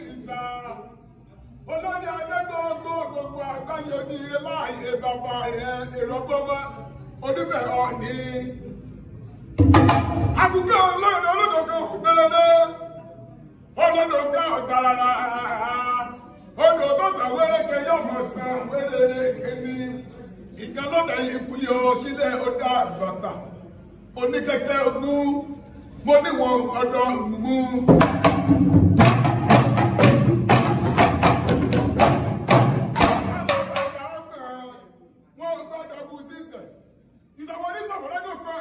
kìsà olórí adégbòǹgbò gbogbo àgbáyé oníire láì lè bàbá èrò gbọmọ oníbẹ̀ ọ̀ní. àbùkù ọlọ́run olódò sàn ẹni yìí kúlẹ̀ àgbàtà oníkẹ́kẹ́ ọdọ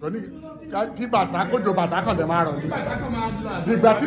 wọlé. kí bàtà kójó bàtà kan lè máa rọ̀ nígbà tí bàtà.